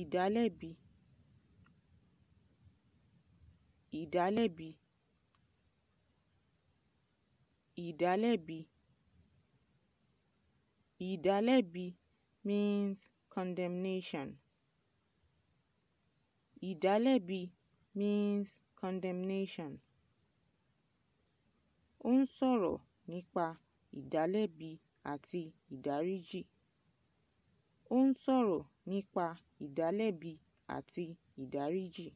ìdálẹ́bi ìdálẹ́bi ìdálẹ́bi ìdálẹ́bi means condemnation ìdálẹ́bi means condemnation. Ó ń sọ̀rọ̀ nípa ìdálẹ́bi àti ìdáríjì. Ó ń sọ̀rọ̀ nípa ìdálẹ́bi àti ìdáríjì